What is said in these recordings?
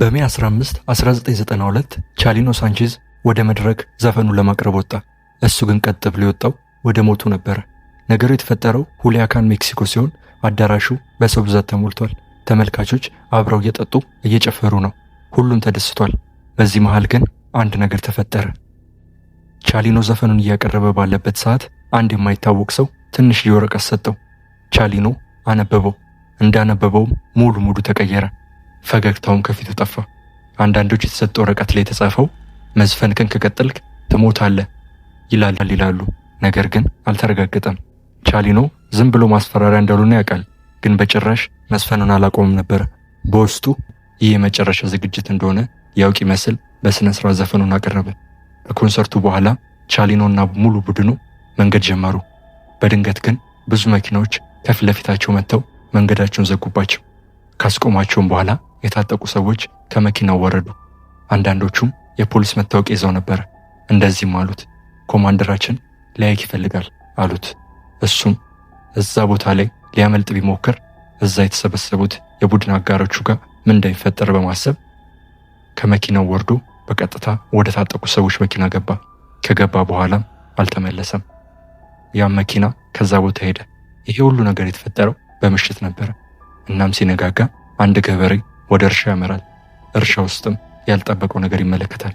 በሜ 15 1992 ቻሊኖ ሳንቼዝ ወደ መድረክ ዘፈኑን ለማቅረብ ወጣ። እሱ ግን ቀጥ ብሎ የወጣው ወደ ሞቱ ነበረ። ነገሩ የተፈጠረው ሁሊያካን ሜክሲኮ ሲሆን አዳራሹ በሰው ብዛት ተሞልቷል። ተመልካቾች አብረው እየጠጡ እየጨፈሩ ነው። ሁሉም ተደስቷል። በዚህ መሃል ግን አንድ ነገር ተፈጠረ። ቻሊኖ ዘፈኑን እያቀረበ ባለበት ሰዓት አንድ የማይታወቅ ሰው ትንሽ ወረቀት ሰጠው። ቻሊኖ አነበበው። እንዳነበበውም ሙሉ ሙሉ ተቀየረ። ፈገግታውም ከፊቱ ጠፋ። አንዳንዶች የተሰጠው ወረቀት ላይ የተጻፈው መዝፈንክን ከቀጠልክ ትሞታለህ ይላል ይላሉ። ነገር ግን አልተረጋገጠም። ቻሊኖ ዝም ብሎ ማስፈራሪያ እንዳልሆነ ያውቃል፣ ግን በጭራሽ መዝፈኑን አላቆምም ነበር። በውስጡ ይህ የመጨረሻ ዝግጅት እንደሆነ ያውቅ ይመስል በሥነ ሥርዓት ዘፈኑን አቀረበ። ከኮንሰርቱ በኋላ ቻሊኖና ሙሉ ቡድኑ መንገድ ጀመሩ። በድንገት ግን ብዙ መኪናዎች ከፊት ለፊታቸው መጥተው መንገዳቸውን ዘጉባቸው። ካስቆማቸውም በኋላ የታጠቁ ሰዎች ከመኪናው ወረዱ። አንዳንዶቹም የፖሊስ መታወቂያ ይዘው ነበር። እንደዚህም አሉት፣ ኮማንደራችን ሊያይክ ይፈልጋል አሉት። እሱም እዛ ቦታ ላይ ሊያመልጥ ቢሞክር እዛ የተሰበሰቡት የቡድን አጋሮቹ ጋር ምን እንደሚፈጠር በማሰብ ከመኪናው ወርዶ በቀጥታ ወደ ታጠቁ ሰዎች መኪና ገባ። ከገባ በኋላም አልተመለሰም። ያም መኪና ከዛ ቦታ ሄደ። ይሄ ሁሉ ነገር የተፈጠረው በምሽት ነበረ። እናም ሲነጋጋ አንድ ገበሬ ወደ እርሻ ያመራል። እርሻ ውስጥም ያልጠበቀው ነገር ይመለከታል።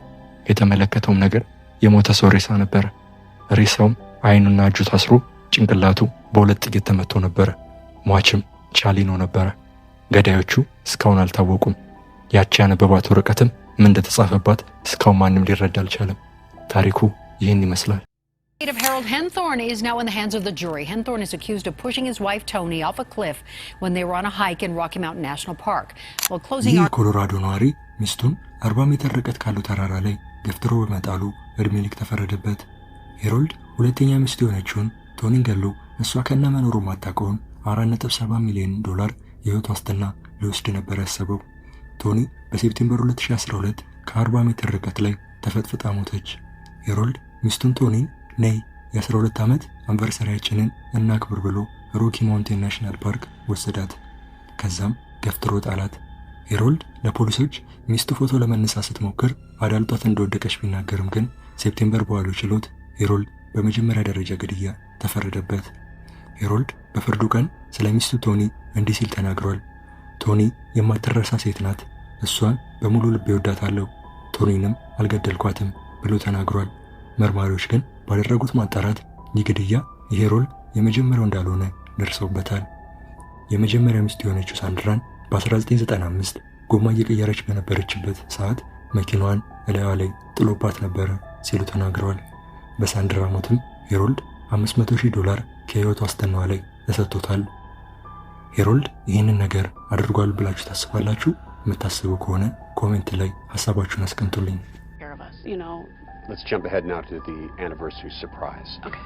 የተመለከተውም ነገር የሞተ ሰው ሬሳ ነበር። ሬሳውም አይኑና እጁ ታስሮ ጭንቅላቱ በሁለት ጥይት ተመቶ ነበረ። ሟችም ቻሊኖ ነበረ። ገዳዮቹ እስካሁን አልታወቁም። ያቺ ያነበባት ወረቀትም ምን እንደተጻፈባት እስካሁን ማንም ሊረዳ አልቻለም። ታሪኩ ይህን ይመስላል። Of Harold Henthorne is now in the hands of the jury. Henthorne is accused of pushing his wife Tony off a cliff when they were on a hike in Rocky Mountain National Park. While closing ይህ ኮሎራዶ ነዋሪ ሚስቱን 40 ሜትር ርቀት ካለው ተራራ ላይ ገፍትሮ በመጣሉ እድሜ ልክ ተፈረደበት። ሄሮልድ ሁለተኛ ሚስቱ የሆነችውን ቶኒን ገሎ እሷ ከነ መኖሩ ማታውቀውን 4.7 ሚሊዮን ዶላር የህይወት ዋስትና ሊወስድ ነበር ያሰበው። ቶኒ በሴፕቴምበር 2012 ከ40 ሜትር ርቀት ላይ ተፈጥፍጣ ሞተች። ሄሮልድ ሚስቱን ቶኒን ነይ የ12 ዓመት አንቨርሰሪያችንን እናክብር ብሎ ሮኪ ማውንቴን ናሽናል ፓርክ ወሰዳት። ከዛም ገፍትሮ ጣላት። ሄሮልድ ለፖሊሶች ሚስቱ ፎቶ ለመነሳት ስትሞክር አዳልጧት እንደወደቀች ቢናገርም ግን ሴፕቴምበር በዋለው ችሎት ሄሮልድ በመጀመሪያ ደረጃ ግድያ ተፈረደበት። ሄሮልድ በፍርዱ ቀን ስለ ሚስቱ ቶኒ እንዲህ ሲል ተናግሯል። ቶኒ የማትረሳ ሴት ናት። እሷን በሙሉ ልቤ ወዳታለሁ። ቶኒንም አልገደልኳትም ብሎ ተናግሯል። መርማሪዎች ግን ባደረጉት ማጣራት ይህ ይሄ ሮል የመጀመሪያው እንዳልሆነ ደርሰውበታል። የመጀመሪያ ሚስት የሆነችው ሳንድራን በ1995 ጎማ እየቀየረች በነበረችበት ሰዓት መኪናዋን እላዋ ላይ ጥሎባት ነበረ ሲሉ ተናግረዋል። በሳንድራ ሞትም ሄሮልድ 500,000 ዶላር ከህይወት ዋስትናዋ ላይ ተሰጥቶታል። ሄሮልድ ይህንን ነገር አድርጓል ብላችሁ ታስባላችሁ? የምታስቡ ከሆነ ኮሜንት ላይ ሀሳባችሁን አስቀምጡልኝ። let's jump ahead now to the anniversary surprise. Okay.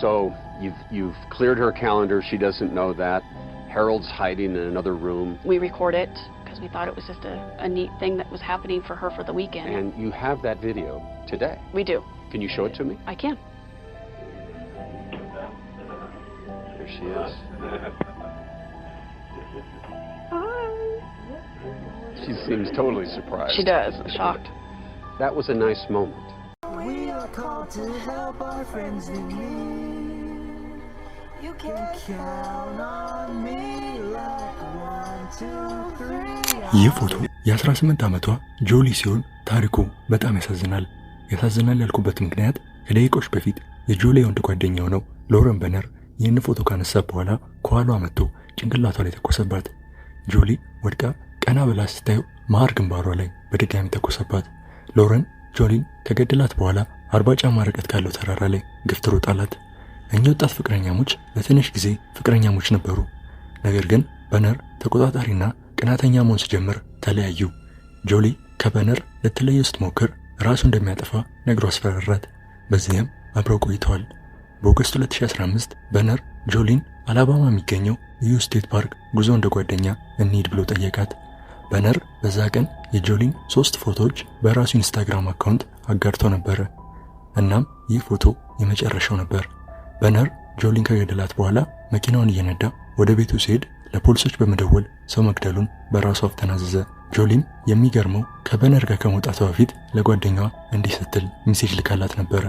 So you've you've cleared her calendar. She doesn't know that. Harold's hiding in another room. We record it because we thought it was just a, a neat thing that was happening for her for the weekend. And you have that video today. We do. Can you show it to me? I can. There she is. Hi. She seems totally surprised. She does. shocked. That was a nice moment. are called to help our friends in need. You can count on me like one, two, three. ይህ ፎቶ የ18 ዓመቷ ጆሊ ሲሆን ታሪኩ በጣም ያሳዝናል። ያሳዝናል ያልኩበት ምክንያት ከደቂቆች በፊት የጆሊ ወንድ ጓደኛው ነው ሎረን በነር ይህን ፎቶ ካነሳ በኋላ ከኋሏ መጥቶ ጭንቅላቷ ላይ ተኮሰባት። ጆሊ ወድቃ ቀና ብላ ስታየው መሀር ግንባሯ ላይ በድጋሚ ተኮሰባት። ሎረን ጆሊን ከገደላት በኋላ አርባ ጫማ ርቀት ካለው ተራራ ላይ ግፍትሮ ጣላት። እኚህ ወጣት ፍቅረኛሞች ለትንሽ ጊዜ ፍቅረኛሞች ነበሩ። ነገር ግን በነር ተቆጣጣሪና ቅናተኛ መሆን ሲጀምር ተለያዩ። ጆሊ ከበነር ልትለየው ስትሞክር ራሱ እንደሚያጠፋ ነግሮ አስፈራራት። በዚህም አብረው ቆይተዋል። በኦገስት 2015 በነር ጆሊን አላባማ የሚገኘው ዩ ስቴት ፓርክ ጉዞ እንደ ጓደኛ እንሂድ ብሎ ጠየቃት። በነር በዛ ቀን የጆሊን ሶስት ፎቶዎች በራሱ ኢንስታግራም አካውንት አጋርተው ነበረ። እናም ይህ ፎቶ የመጨረሻው ነበር። በነር ጆሊን ከገደላት በኋላ መኪናውን እየነዳ ወደ ቤቱ ሲሄድ ለፖሊሶች በመደወል ሰው መግደሉን በራሱ አፍ ተናዘዘ። ጆሊን የሚገርመው ከበነር ጋር ከመውጣቱ በፊት ለጓደኛዋ እንዲህ ስትል ሚሴጅ ልካላት ነበረ።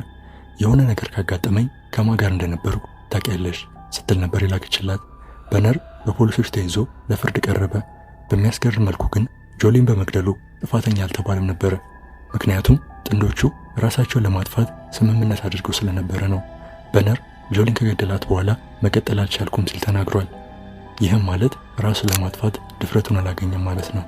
የሆነ ነገር ካጋጠመኝ ከማ ጋር እንደነበሩ ታውቂያለሽ ስትል ነበር የላክችላት። በነር በፖሊሶች ተይዞ ለፍርድ ቀረበ። በሚያስገርም መልኩ ግን ጆሊን በመግደሉ ጥፋተኛ አልተባለም ነበረ። ምክንያቱም ጥንዶቹ ራሳቸውን ለማጥፋት ስምምነት አድርጎ ስለነበረ ነው። በነር ጆሊን ከገደላት በኋላ መቀጠል አልቻልኩም ሲል ተናግሯል። ይህም ማለት ራሱን ለማጥፋት ድፍረቱን አላገኘም ማለት ነው።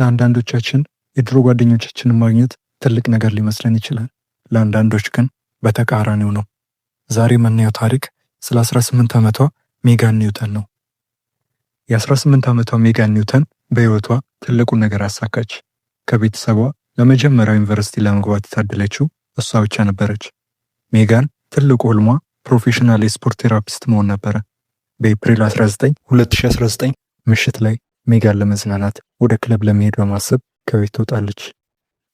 ለአንዳንዶቻችን የድሮ ጓደኞቻችንን ማግኘት ትልቅ ነገር ሊመስለን ይችላል። ለአንዳንዶች ግን በተቃራኒው ነው። ዛሬ የምናየው ታሪክ ስለ 18 ዓመቷ ሜጋን ኒውተን ነው። የ18 ዓመቷ ሜጋን ኒውተን በሕይወቷ ትልቁን ነገር አሳካች። ከቤተሰቧ ለመጀመሪያው ዩኒቨርሲቲ ለመግባት የታደለችው እሷ ብቻ ነበረች። ሜጋን ትልቁ ህልሟ ፕሮፌሽናል የስፖርት ቴራፒስት መሆን ነበረ። በኤፕሪል 19 2019 ምሽት ላይ ሜጋን ለመዝናናት ወደ ክለብ ለመሄድ በማሰብ ከቤት ትወጣለች።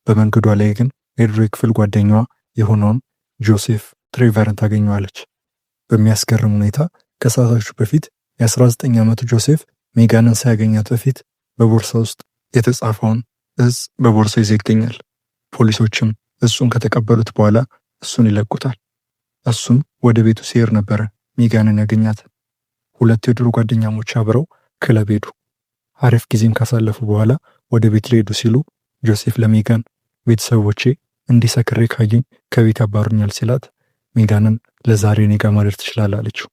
በመንገዷ ላይ ግን የድሮ ክፍል ጓደኛዋ የሆነውን ጆሴፍ ትሬቨርን ታገኘዋለች። በሚያስገርም ሁኔታ ከሰዓቶቹ በፊት የ19 ዓመቱ ጆሴፍ ሜጋንን ሳያገኛት በፊት በቦርሳ ውስጥ የተጻፈውን እጽ በቦርሳ ይዞ ይገኛል። ፖሊሶችም እሱን ከተቀበሉት በኋላ እሱን ይለቁታል። እሱም ወደ ቤቱ ሲሄድ ነበረ ሜጋንን ያገኛት። ሁለት የድሮ ጓደኛሞች አብረው ክለብ ሄዱ። አሪፍ ጊዜም ካሳለፉ በኋላ ወደ ቤት ሊሄዱ ሲሉ ጆሴፍ ለሜጋን ቤተሰቦቼ እንዲሰክሬ ካየኝ ከቤት ያባሩኛል ሲላት ሜጋንን ለዛሬ እኔ ጋ ማደር ትችላለህ አለችው።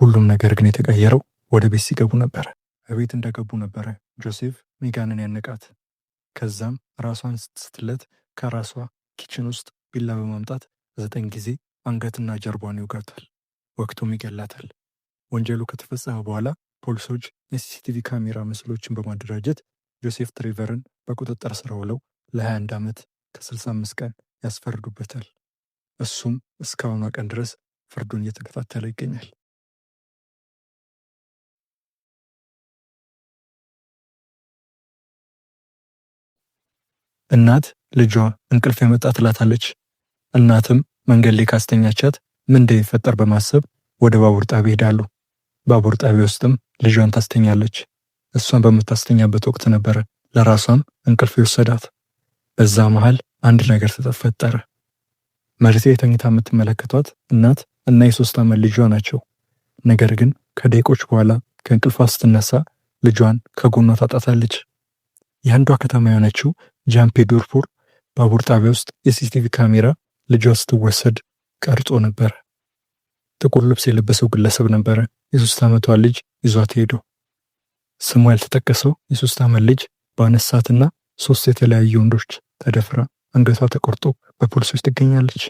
ሁሉም ነገር ግን የተቀየረው ወደ ቤት ሲገቡ ነበረ። እቤት እንደገቡ ነበረ ጆሴፍ ሜጋንን ያነቃት። ከዛም ራሷን ስትለት ከራሷ ኪችን ውስጥ ቢላ በማምጣት ዘጠኝ ጊዜ አንገትና ጀርቧን ይውጋታል። ወቅቱም ይገላታል። ወንጀሉ ከተፈጸመ በኋላ ፖሊሶች የሲሲቲቪ ካሜራ ምስሎችን በማደራጀት ጆሴፍ ትሬቨርን በቁጥጥር ስር ውለው ለ21 ዓመት ከ65 ቀን ያስፈርዱበታል። እሱም እስካሁኗ ቀን ድረስ ፍርዱን እየተከታተለ ይገኛል። እናት ልጇ እንቅልፍ የመጣ ትላታለች። እናትም መንገድ ላይ ካስተኛቻት ምን እንደሚፈጠር በማሰብ ወደ ባቡር ጣቢያ ይሄዳሉ። ባቡር ጣቢያ ውስጥም ልጇን ታስተኛለች። እሷን በምታስተኛበት ወቅት ነበረ ለራሷም እንቅልፍ የወሰዳት። በዛ መሃል አንድ ነገር ተፈጠረ። መሬት የተኝታ የምትመለከቷት እናት እና የሶስት ዓመት ልጇ ናቸው። ነገር ግን ከደቂቆች በኋላ ከእንቅልፏ ስትነሳ ልጇን ከጎኗ ታጣታለች። የአንዷ ከተማ የሆነችው ዶርፖር ባቡር ጣቢያ ውስጥ የሲሲቲቪ ካሜራ ልጇ ስትወሰድ ቀርጾ ነበረ። ጥቁር ልብስ የለበሰው ግለሰብ ነበረ የሶስት ዓመቷ ልጅ ይዟት ሄደው። ስሙ ያልተጠቀሰው የሶስት ዓመት ልጅ በአነሳትና ሶስት የተለያዩ ወንዶች ተደፍራ አንገቷ ተቆርጦ በፖሊሶች ትገኛለች።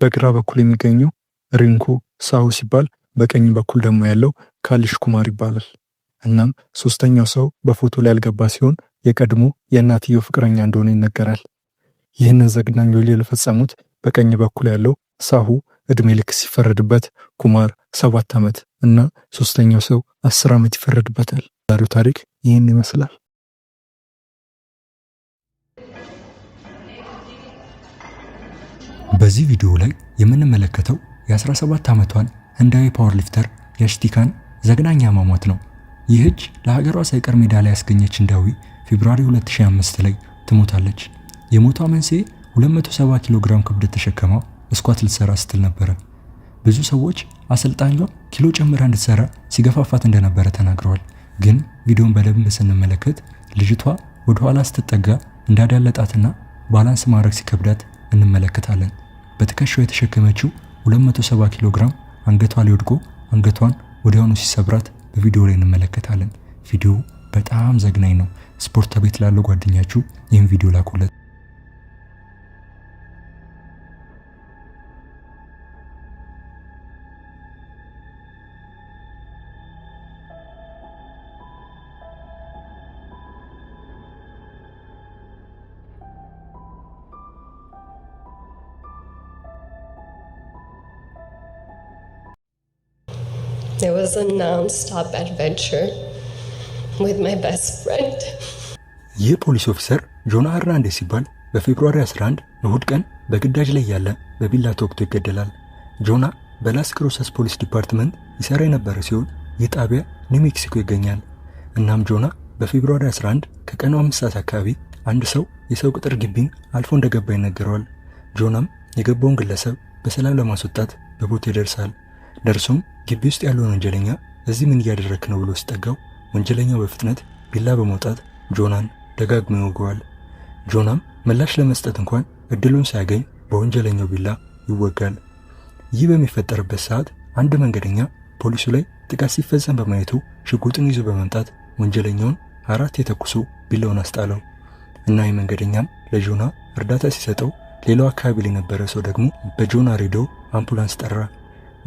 በግራ በኩል የሚገኘው ሪንኩ ሳሁ ሲባል በቀኝ በኩል ደግሞ ያለው ካሊሽ ኩማር ይባላል። እናም ሶስተኛው ሰው በፎቶ ላይ ያልገባ ሲሆን የቀድሞ የእናትየው ፍቅረኛ እንደሆነ ይነገራል። ይህንን ዘግናኝ ወንጀል የፈጸሙት በቀኝ በኩል ያለው ሳሁ እድሜ ልክ ሲፈረድበት፣ ኩማር ሰባት ዓመት እና ሶስተኛው ሰው አስር ዓመት ይፈረድበታል። ዛሬው ታሪክ ይህን ይመስላል። በዚህ ቪዲዮ ላይ የምንመለከተው የ17 ዓመቷን ህንዳዊ ፓወር ሊፍተር የሽቲካን ዘግናኝ አሟሟት ነው። ይህች ለሀገሯ ሳይቀር ሜዳሊያ ያስገኘች ህንዳዊ ፌብሩዋሪ 2005 ላይ ትሞታለች። የሞቷ መንስኤ 270 ኪሎ ግራም ክብደት ተሸከማ እስኳት ልትሰራ ስትል ነበረ። ብዙ ሰዎች አሰልጣኟ ኪሎ ጨምራ እንድትሰራ ሲገፋፋት እንደነበረ ተናግረዋል። ግን ቪዲዮን በደንብ ስንመለከት ልጅቷ ወደኋላ ስትጠጋ እንዳዳለጣትና ባላንስ ማድረግ ሲከብዳት እንመለከታለን። በትከሻው የተሸከመችው 270 ኪሎ ግራም አንገቷ ላይ ወድቆ አንገቷን ወዲያውኑ ሲሰብራት በቪዲዮ ላይ እንመለከታለን። ቪዲዮ በጣም ዘግናኝ ነው። ስፖርት ቤት ላለው ጓደኛችሁ ይህን ቪዲዮ ላኩለት። It was a non-stop adventure. ይህ ፖሊስ ኦፊሰር ጆና አርናንዴዝ ሲባል በፌብሩዋሪ 11 እሁድ ቀን በግዳጅ ላይ ያለ በቢላ ተወግቶ ይገደላል። ጆና በላስ ክሩሰስ ፖሊስ ዲፓርትመንት ይሰራ የነበረ ሲሆን ይህ ጣቢያ ኒው ሜክሲኮ ይገኛል። እናም ጆና በፌብሩዋሪ 11 ከቀኑ አምስት ሰዓት አካባቢ አንድ ሰው የሰው ቅጥር ግቢን አልፎ እንደገባ ይነገረዋል። ጆናም የገባውን ግለሰብ በሰላም ለማስወጣት በቦታ ይደርሳል። ደርሶም ግቢ ውስጥ ያለውን ወንጀለኛ እዚህ ምን እያደረክ ነው ብሎ ሲጠጋው ወንጀለኛው በፍጥነት ቢላ በመውጣት ጆናን ደጋግሞ ይወገዋል። ጆናም ምላሽ ለመስጠት እንኳን እድሉን ሳያገኝ በወንጀለኛው ቢላ ይወጋል። ይህ በሚፈጠርበት ሰዓት አንድ መንገደኛ ፖሊሱ ላይ ጥቃት ሲፈጸም በማየቱ ሽጉጥን ይዞ በመምጣት ወንጀለኛውን አራት የተኩሶ ቢላውን አስጣለው እና ይህ መንገደኛም ለጆና እርዳታ ሲሰጠው ሌላው አካባቢ ላይ የነበረ ሰው ደግሞ በጆና ሬዲዮ አምቡላንስ ጠራ።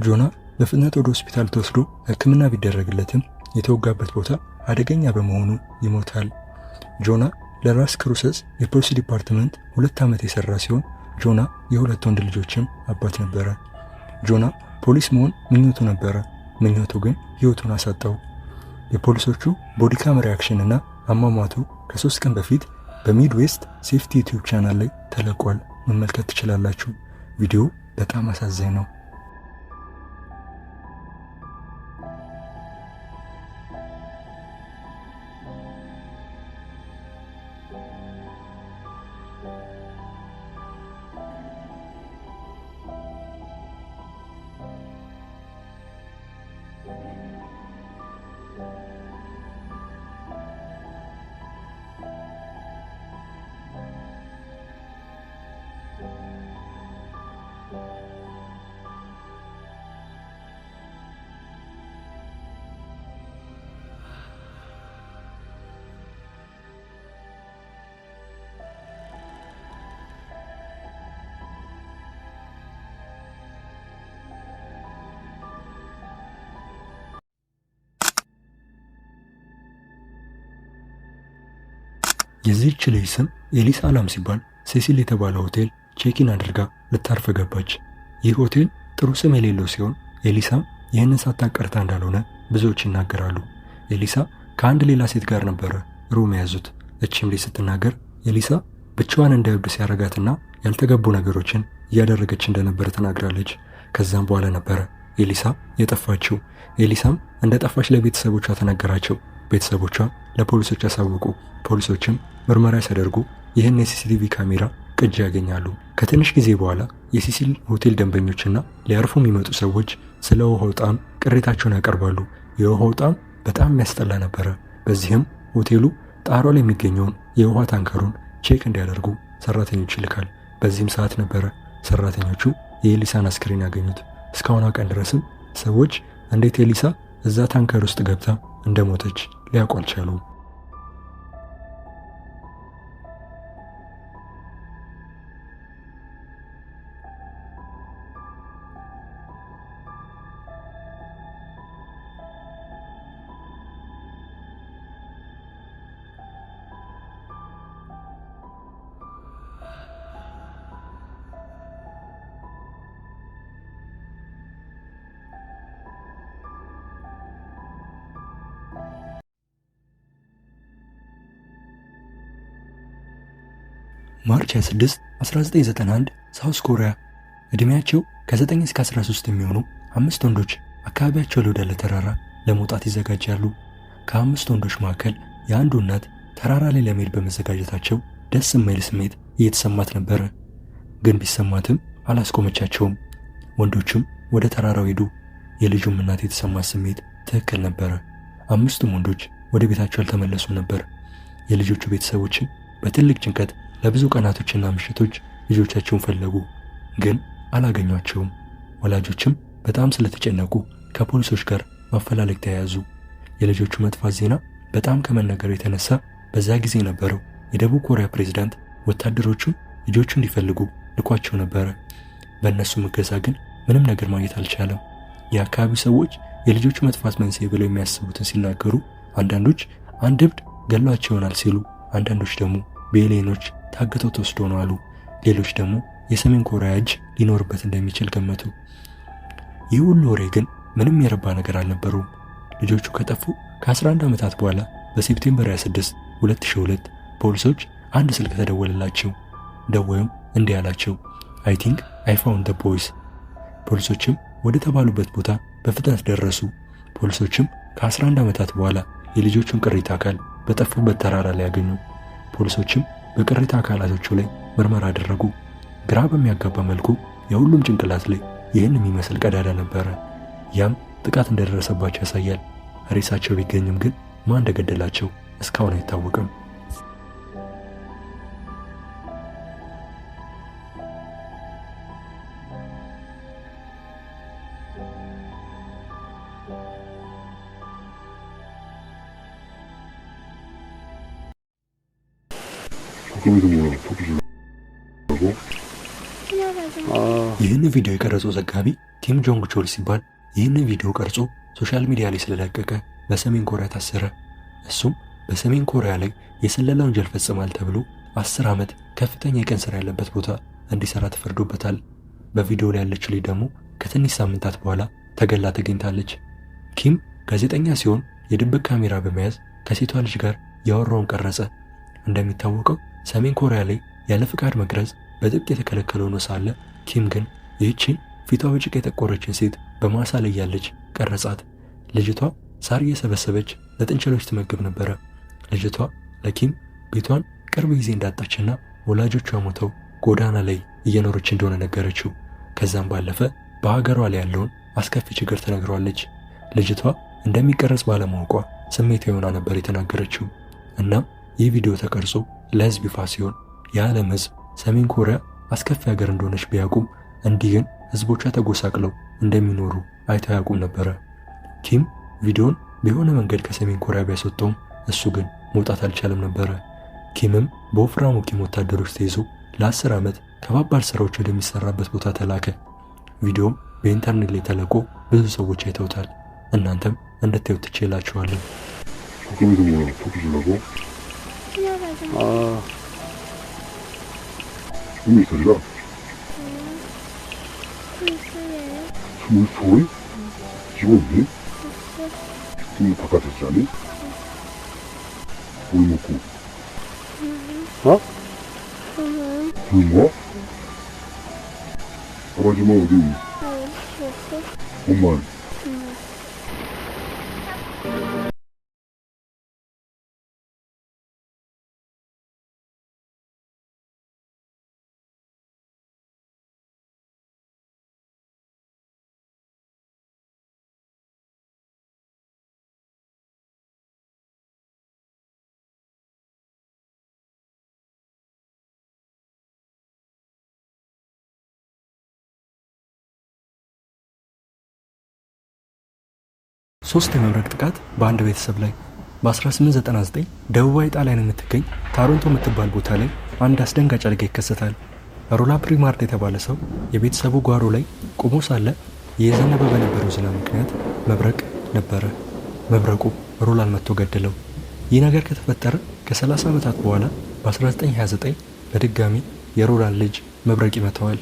ጆና በፍጥነት ወደ ሆስፒታል ተወስዶ ሕክምና ቢደረግለትም የተወጋበት ቦታ አደገኛ በመሆኑ ይሞታል። ጆና ለራስ ክሩሰስ የፖሊስ ዲፓርትመንት ሁለት ዓመት የሰራ ሲሆን ጆና የሁለት ወንድ ልጆችም አባት ነበረ። ጆና ፖሊስ መሆን ምኞቱ ነበረ። ምኞቱ ግን ህይወቱን አሳጣው። የፖሊሶቹ ቦዲካም ሪያክሽን እና አሟሟቱ ከሶስት ቀን በፊት በሚድዌስት ሴፍቲ ዩቲዩብ ቻናል ላይ ተለቋል። መመልከት ትችላላችሁ። ቪዲዮ በጣም አሳዛኝ ነው። የዚህች ልጅ ስም ኤሊስ አላም ሲባል ሴሲል የተባለ ሆቴል ቼኪን አድርጋ ልታርፍ ገባች። ይህ ሆቴል ጥሩ ስም የሌለው ሲሆን ኤሊሳም ይህንን ሳታቀርታ እንዳልሆነ ብዙዎች ይናገራሉ። ኤሊሳ ከአንድ ሌላ ሴት ጋር ነበረ ሩም የያዙት። እቺም ልጅ ስትናገር ኤሊሳ ብቻዋን እንደ እብድ ሲያረጋትና ያልተገቡ ነገሮችን እያደረገች እንደነበረ ተናግራለች። ከዛም በኋላ ነበረ ኤሊሳ የጠፋችው። ኤሊሳም እንደ ጠፋች ለቤተሰቦቿ ተነገራቸው። ቤተሰቦቿ ለፖሊሶች ያሳወቁ። ፖሊሶችም ምርመራ ሲያደርጉ ይህን የሲሲቲቪ ካሜራ ቅጂ ያገኛሉ። ከትንሽ ጊዜ በኋላ የሲሲል ሆቴል ደንበኞችና ሊያርፉ የሚመጡ ሰዎች ስለ ውሃው ጣም ቅሬታቸውን ያቀርባሉ። የውሃው ጣም በጣም የሚያስጠላ ነበረ። በዚህም ሆቴሉ ጣሯ ላይ የሚገኘውን የውሃ ታንከሩን ቼክ እንዲያደርጉ ሰራተኞች ይልካል። በዚህም ሰዓት ነበረ ሰራተኞቹ የኤሊሳን አስክሬን ያገኙት። እስካሁኗ ቀን ድረስም ሰዎች እንዴት ኤሊሳ እዛ ታንከር ውስጥ ገብታ እንደሞተች ሊያውቁ አልቻሉም። ማርች 26 1991 ሳውስ ኮሪያ ዕድሜያቸው ከ9 እስከ 13 የሚሆኑ አምስት ወንዶች አካባቢያቸው ለወዳለ ተራራ ለመውጣት ይዘጋጃሉ። ከአምስት ወንዶች መካከል የአንዱ እናት ተራራ ላይ ለመሄድ በመዘጋጀታቸው ደስ የማይል ስሜት እየተሰማት ነበረ። ግን ቢሰማትም አላስቆመቻቸውም። ወንዶቹም ወደ ተራራው ሄዱ። የልጁም እናት የተሰማት ስሜት ትክክል ነበረ። አምስቱም ወንዶች ወደ ቤታቸው አልተመለሱም ነበር። የልጆቹ ቤተሰቦችም በትልቅ ጭንቀት ለብዙ ቀናቶችና ምሽቶች ልጆቻቸውን ፈለጉ፣ ግን አላገኟቸውም። ወላጆችም በጣም ስለተጨነቁ ከፖሊሶች ጋር ማፈላለግ ተያያዙ። የልጆቹ መጥፋት ዜና በጣም ከመነገሩ የተነሳ በዛ ጊዜ ነበረው የደቡብ ኮሪያ ፕሬዝዳንት ወታደሮቹን ልጆቹ እንዲፈልጉ ልኳቸው ነበረ። በእነሱ እገዛ ግን ምንም ነገር ማግኘት አልቻለም። የአካባቢው ሰዎች የልጆቹ መጥፋት መንስኤ ብለው የሚያስቡትን ሲናገሩ፣ አንዳንዶች አንድ እብድ ገሏቸውናል ይሆናል ሲሉ፣ አንዳንዶች ደግሞ ቤሌኖች ታግተው ተወስዶ ነው አሉ። ሌሎች ደግሞ የሰሜን ኮሪያ እጅ ሊኖርበት እንደሚችል ገመቱ። ይህ ሁሉ ወሬ ግን ምንም የረባ ነገር አልነበሩም። ልጆቹ ከጠፉ ከ11 ዓመታት በኋላ በሴፕቴምበር 26 2002 ፖሊሶች አንድ ስልክ ተደወለላቸው። ደወዩም እንዲህ አላቸው፣ አይ ቲንክ አይ ፋውንድ ዘ ቦይስ። ፖሊሶችም ወደ ተባሉበት ቦታ በፍጥነት ደረሱ። ፖሊሶችም ከ11 ዓመታት በኋላ የልጆቹን ቅሪተ አካል በጠፉበት ተራራ ላይ ያገኙ። ፖሊሶችም በቅሪተ አካላቶቹ ላይ ምርመራ አደረጉ። ግራ በሚያጋባ መልኩ የሁሉም ጭንቅላት ላይ ይህን የሚመስል ቀዳዳ ነበረ። ያም ጥቃት እንደደረሰባቸው ያሳያል። ሬሳቸው ቢገኝም ግን ማን እንደገደላቸው እስካሁን አይታወቅም። ይህን ቪዲዮ የቀረጸው ዘጋቢ ኪም ጆንግ ቾል ሲባል ይህን ቪዲዮ ቀርጾ ሶሻል ሚዲያ ላይ ስለለቀቀ በሰሜን ኮሪያ ታሰረ። እሱም በሰሜን ኮሪያ ላይ የስለላ ወንጀል ፈጽማል ተብሎ አስር ዓመት ከፍተኛ የቀን ስራ ያለበት ቦታ እንዲሰራ ተፈርዶበታል። በቪዲዮ ላይ ያለች ልጅ ደግሞ ከትንሽ ሳምንታት በኋላ ተገላ ተገኝታለች። ኪም ጋዜጠኛ ሲሆን የድብቅ ካሜራ በመያዝ ከሴቷ ልጅ ጋር ያወራውን ቀረጸ። እንደሚታወቀው ሰሜን ኮሪያ ላይ ያለ ፍቃድ መቅረጽ በጥብቅ የተከለከለ ሆኖ ሳለ ኪም ግን ይህችን ፊቷ በጭቃ የጠቆረችን ሴት በማሳ ላይ ያለች ቀረጻት። ልጅቷ ሳር እየሰበሰበች ለጥንቸሎች ትመግብ ነበረ። ልጅቷ ለኪም ቤቷን ቅርብ ጊዜ እንዳጣችና ወላጆቿ ሞተው ጎዳና ላይ እየኖረች እንደሆነ ነገረችው። ከዛም ባለፈ በሀገሯ ላይ ያለውን አስከፊ ችግር ተነግሯለች። ልጅቷ እንደሚቀረጽ ባለማወቋ ስሜት የሆና ነበር የተናገረችው እናም ይህ ቪዲዮ ተቀርጾ ለህዝብ ይፋ ሲሆን የዓለም ህዝብ ሰሜን ኮሪያ አስከፊ ሀገር እንደሆነች ቢያውቁም እንዲህ ግን ህዝቦቿ ተጎሳቅለው እንደሚኖሩ አይተው ያውቁም ነበረ። ኪም ቪዲዮን በሆነ መንገድ ከሰሜን ኮሪያ ቢያስወጣውም እሱ ግን መውጣት አልቻለም ነበረ። ኪምም በወፍራሙ ኪም ወታደሮች ተይዞ ለአስር ዓመት ከባባድ ስራዎች ወደሚሰራበት ቦታ ተላከ። ቪዲዮም በኢንተርኔት ላይ ተለቆ ብዙ ሰዎች አይተውታል። እናንተም እንድታዩት ትችላችኋለን። 아. 숨이 소리라 숨이 소리? 지금 없니? 숨이 바깥에 있잖니? 뭐 먹고? 어? 굶은 거야? 아버지 뭐 어디? 엄마. ሶስት የመብረቅ ጥቃት በአንድ ቤተሰብ ላይ በ1899 ደቡባዊ ጣሊያን የምትገኝ ታሮንቶ የምትባል ቦታ ላይ አንድ አስደንጋጭ አደጋ ይከሰታል። ሮላ ፕሪማርድ የተባለ ሰው የቤተሰቡ ጓሮ ላይ ቆሞ ሳለ የዘነበ በነበረው ዝናብ ምክንያት መብረቅ ነበረ። መብረቁ ሮላን መጥቶ ገደለው። ይህ ነገር ከተፈጠረ ከ30 ዓመታት በኋላ በ1929 በድጋሚ የሮላን ልጅ መብረቅ ይመተዋል።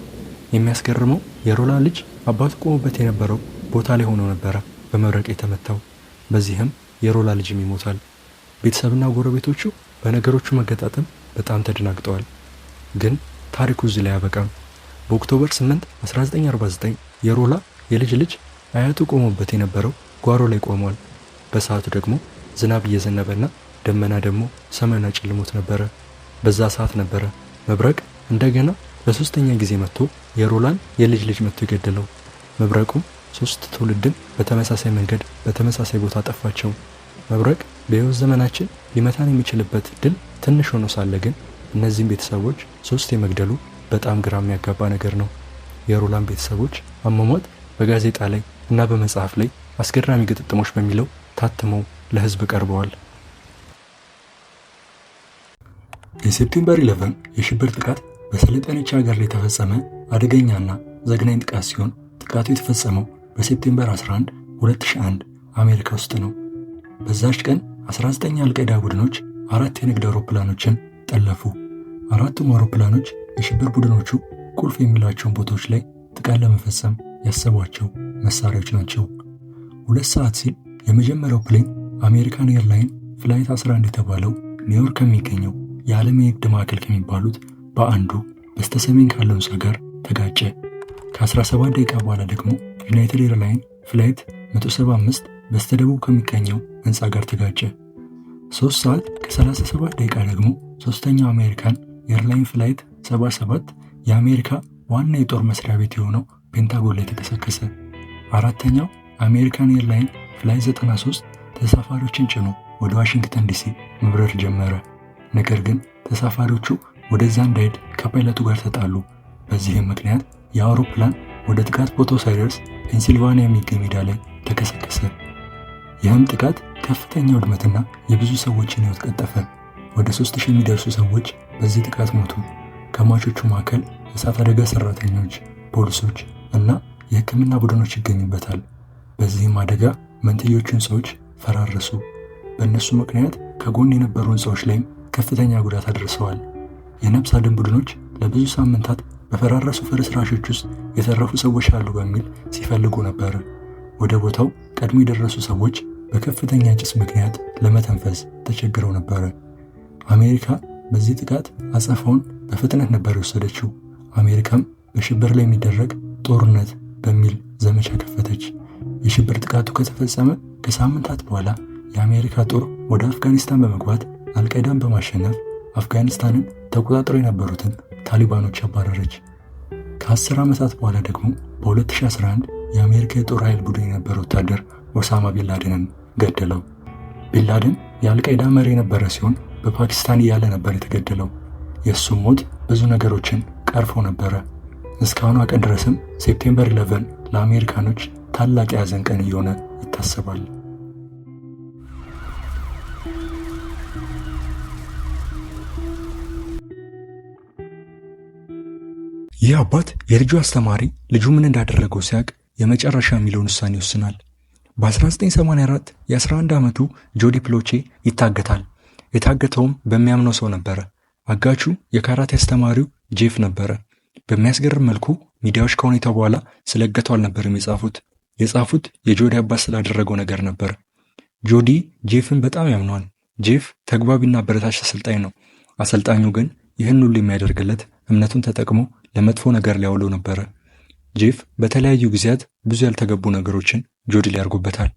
የሚያስገርመው የሮላን ልጅ አባቱ ቆሞበት የነበረው ቦታ ላይ ሆኖ ነበረ። በመብረቅ የተመታው። በዚህም የሮላ ልጅም ይሞታል። ቤተሰብና ጎረቤቶቹ በነገሮቹ መገጣጠም በጣም ተደናግጠዋል። ግን ታሪኩ እዚህ ላይ አያበቃም። በኦክቶበር 8 1949 የሮላ የልጅ ልጅ አያቱ ቆሞበት የነበረው ጓሮ ላይ ቆሟል። በሰዓቱ ደግሞ ዝናብ እየዘነበና ደመና ደግሞ ሰማዩን አጨልሞት ነበረ። በዛ ሰዓት ነበረ መብረቅ እንደገና ለሶስተኛ ጊዜ መጥቶ የሮላን የልጅ ልጅ መጥቶ የገደለው። መብረቁም ሶስት ትውልድን በተመሳሳይ መንገድ በተመሳሳይ ቦታ አጠፋቸው። መብረቅ በሕይወት ዘመናችን ሊመታን የሚችልበት ድል ትንሽ ሆኖ ሳለ ግን እነዚህም ቤተሰቦች ሶስት የመግደሉ በጣም ግራ የሚያጋባ ነገር ነው። የሮላን ቤተሰቦች አሟሟት በጋዜጣ ላይ እና በመጽሐፍ ላይ አስገራሚ ግጥጥሞች በሚለው ታትመው ለህዝብ ቀርበዋል። የሴፕቴምበር 11 የሽብር ጥቃት በሰለጠነች ሀገር ላይ የተፈጸመ አደገኛና ዘግናኝ ጥቃት ሲሆን ጥቃቱ የተፈጸመው በሴፕቴምበር 11 2001 አሜሪካ ውስጥ ነው። በዛች ቀን 19 አልቃይዳ ቡድኖች አራት የንግድ አውሮፕላኖችን ጠለፉ። አራቱም አውሮፕላኖች የሽብር ቡድኖቹ ቁልፍ የሚላቸውን ቦታዎች ላይ ጥቃት ለመፈጸም ያሰቧቸው መሳሪያዎች ናቸው። ሁለት ሰዓት ሲል የመጀመሪያው ፕሌን አሜሪካን ኤርላይን ፍላይት 11 የተባለው ኒውዮርክ ከሚገኘው የዓለም የንግድ ማዕከል ከሚባሉት በአንዱ በስተሰሜን ካለው ሕንፃ ጋር ተጋጨ። ከ17 ደቂቃ በኋላ ደግሞ ዩናይትድ ኤርላይን ፍላይት 175 በስተደቡብ ከሚገኘው ህንፃ ጋር ተጋጨ። 3 ሰዓት ከ37 ደቂቃ ደግሞ ሶስተኛው አሜሪካን ኤርላይን ፍላይት 77 የአሜሪካ ዋና የጦር መስሪያ ቤት የሆነው ፔንታጎን ላይ ተከሰከሰ። አራተኛው አሜሪካን ኤርላይን ፍላይት 93 ተሳፋሪዎችን ጭኖ ወደ ዋሽንግተን ዲሲ መብረር ጀመረ። ነገር ግን ተሳፋሪዎቹ ወደዛ እንዳይሄድ ከፓይለቱ ጋር ተጣሉ። በዚህም ምክንያት የአውሮፕላን ወደ ጥቃት ቦታው ሳይደርስ ፔንሲልቫኒያ የሚገኝ ሜዳ ላይ ተከሰከሰ። ይህም ጥቃት ከፍተኛ ውድመትና የብዙ ሰዎችን ህይወት ቀጠፈ። ወደ 3000 የሚደርሱ ሰዎች በዚህ ጥቃት ሞቱ። ከሟቾቹ መካከል እሳት አደጋ ሰራተኞች፣ ፖሊሶች እና የህክምና ቡድኖች ይገኙበታል። በዚህም አደጋ መንትዮቹ ሰዎች ፈራረሱ። በእነሱ ምክንያት ከጎን የነበሩ ህንፃዎች ላይም ከፍተኛ ጉዳት አድርሰዋል። የነፍስ አድን ቡድኖች ለብዙ ሳምንታት በፈራረሱ ፍርስራሾች ውስጥ የተረፉ ሰዎች አሉ በሚል ሲፈልጉ ነበር። ወደ ቦታው ቀድሞ የደረሱ ሰዎች በከፍተኛ ጭስ ምክንያት ለመተንፈስ ተቸግረው ነበር። አሜሪካ በዚህ ጥቃት አጸፋውን በፍጥነት ነበር የወሰደችው። አሜሪካም በሽብር ላይ የሚደረግ ጦርነት በሚል ዘመቻ ከፈተች። የሽብር ጥቃቱ ከተፈጸመ ከሳምንታት በኋላ የአሜሪካ ጦር ወደ አፍጋኒስታን በመግባት አልቃይዳን በማሸነፍ አፍጋኒስታንን ተቆጣጥረው የነበሩትን ታሊባኖች አባረረች። ከአስር ዓመታት በኋላ ደግሞ በ2011 የአሜሪካ የጦር ኃይል ቡድን የነበረ ወታደር ኦሳማ ቢንላደንን ገደለው። ቢንላደን የአልቃይዳ መሪ የነበረ ሲሆን በፓኪስታን እያለ ነበር የተገደለው። የእሱም ሞት ብዙ ነገሮችን ቀርፎ ነበረ። እስካሁኗ ቀን ድረስም ሴፕቴምበር 11 ለአሜሪካኖች ታላቅ የያዘን ቀን እየሆነ ይታሰባል። ይህ አባት የልጁ አስተማሪ ልጁ ምን እንዳደረገው ሲያውቅ የመጨረሻ የሚለውን ውሳኔ ይወስናል። በ1984 የ11 ዓመቱ ጆዲ ፕሎቼ ይታገታል። የታገተውም በሚያምነው ሰው ነበረ። አጋቹ የካራቴ አስተማሪው ጄፍ ነበረ። በሚያስገርም መልኩ ሚዲያዎች ከሁኔታው በኋላ ስለ እገቱ አልነበርም የጻፉት። የጻፉት የጆዲ አባት ስላደረገው ነገር ነበር። ጆዲ ጄፍን በጣም ያምነዋል። ጄፍ ተግባቢና አበረታች አሰልጣኝ ነው። አሰልጣኙ ግን ይህን ሁሉ የሚያደርግለት እምነቱን ተጠቅሞ ለመጥፎ ነገር ሊያውለው ነበረ። ጄፍ በተለያዩ ጊዜያት ብዙ ያልተገቡ ነገሮችን ጆዲ ሊያርጉበታል።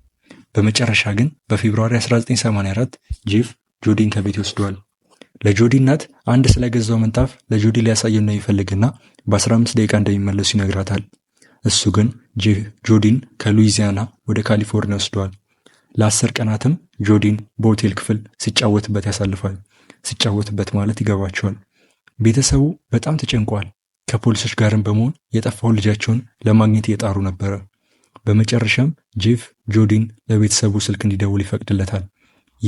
በመጨረሻ ግን በፌብርዋሪ 1984 ጄፍ ጆዲን ከቤት ይወስደዋል። ለጆዲ እናት አንድ ስለገዛው ምንጣፍ ለጆዲ ሊያሳየው እንደሚፈልግና በ15 ደቂቃ እንደሚመለሱ ይነግራታል። እሱ ግን ጆዲን ከሉዊዚያና ወደ ካሊፎርኒያ ወስደዋል። ለአስር ቀናትም ጆዲን በሆቴል ክፍል ሲጫወትበት ያሳልፋል። ሲጫወትበት ማለት ይገባቸዋል። ቤተሰቡ በጣም ተጨንቋል። ከፖሊሶች ጋርም በመሆን የጠፋውን ልጃቸውን ለማግኘት እየጣሩ ነበረ። በመጨረሻም ጄፍ ጆዲን ለቤተሰቡ ስልክ እንዲደውል ይፈቅድለታል።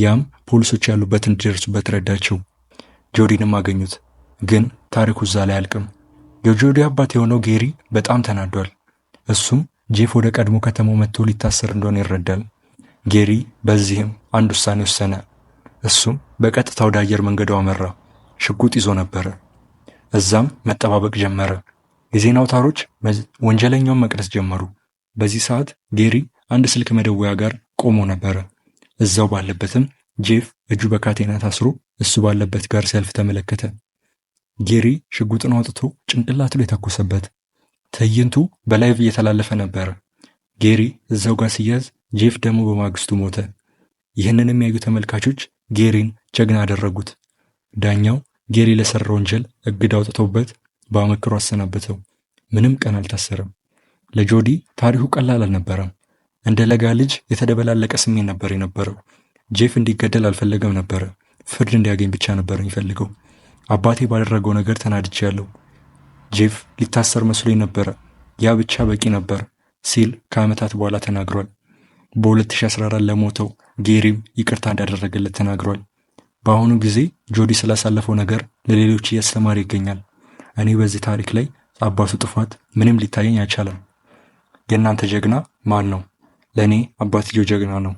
ያም ፖሊሶች ያሉበት እንዲደርሱበት ረዳቸው። ጆዲንም አገኙት። ግን ታሪኩ እዛ ላይ አያልቅም። የጆዲ አባት የሆነው ጌሪ በጣም ተናዷል። እሱም ጄፍ ወደ ቀድሞ ከተማው መጥቶ ሊታሰር እንደሆነ ይረዳል። ጌሪ በዚህም አንድ ውሳኔ ወሰነ። እሱም በቀጥታ ወደ አየር መንገዱ አመራ። ሽጉጥ ይዞ ነበረ። እዛም መጠባበቅ ጀመረ። የዜና አውታሮች ወንጀለኛውን መቅረጽ ጀመሩ። በዚህ ሰዓት ጌሪ አንድ ስልክ መደወያ ጋር ቆሞ ነበረ። እዛው ባለበትም ጄፍ እጁ በካቴና ታስሮ እሱ ባለበት ጋር ሰልፍ ተመለከተ። ጌሪ ሽጉጥን አውጥቶ ጭንቅላቱ ላይ ተኮሰበት። ትዕይንቱ በላይቭ እየተላለፈ ነበረ። ጌሪ እዛው ጋር ሲያዝ፣ ጄፍ ደግሞ በማግስቱ ሞተ። ይህንን የሚያዩ ተመልካቾች ጌሪን ጀግና አደረጉት። ዳኛው ጌሪ ለሰራ ወንጀል እግድ አውጥቶበት በአመክሮ አሰናበተው። ምንም ቀን አልታሰረም። ለጆዲ ታሪሁ ቀላል አልነበረም። እንደ ለጋ ልጅ የተደበላለቀ ስሜት ነበር የነበረው። ጄፍ እንዲገደል አልፈለገም ነበረ። ፍርድ እንዲያገኝ ብቻ ነበር የሚፈልገው። አባቴ ባደረገው ነገር ተናድጃለሁ። ጄፍ ሊታሰር መስሎ ነበረ፣ ያ ብቻ በቂ ነበር ሲል ከዓመታት በኋላ ተናግሯል። በ2014 ለሞተው ጌሪም ይቅርታ እንዳደረገለት ተናግሯል። በአሁኑ ጊዜ ጆዲ ስላሳለፈው ነገር ለሌሎች እያስተማረ ይገኛል። እኔ በዚህ ታሪክ ላይ አባቱ ጥፋት ምንም ሊታየኝ አይቻልም። የእናንተ ጀግና ማን ነው? ለእኔ አባትየው ጀግና ነው።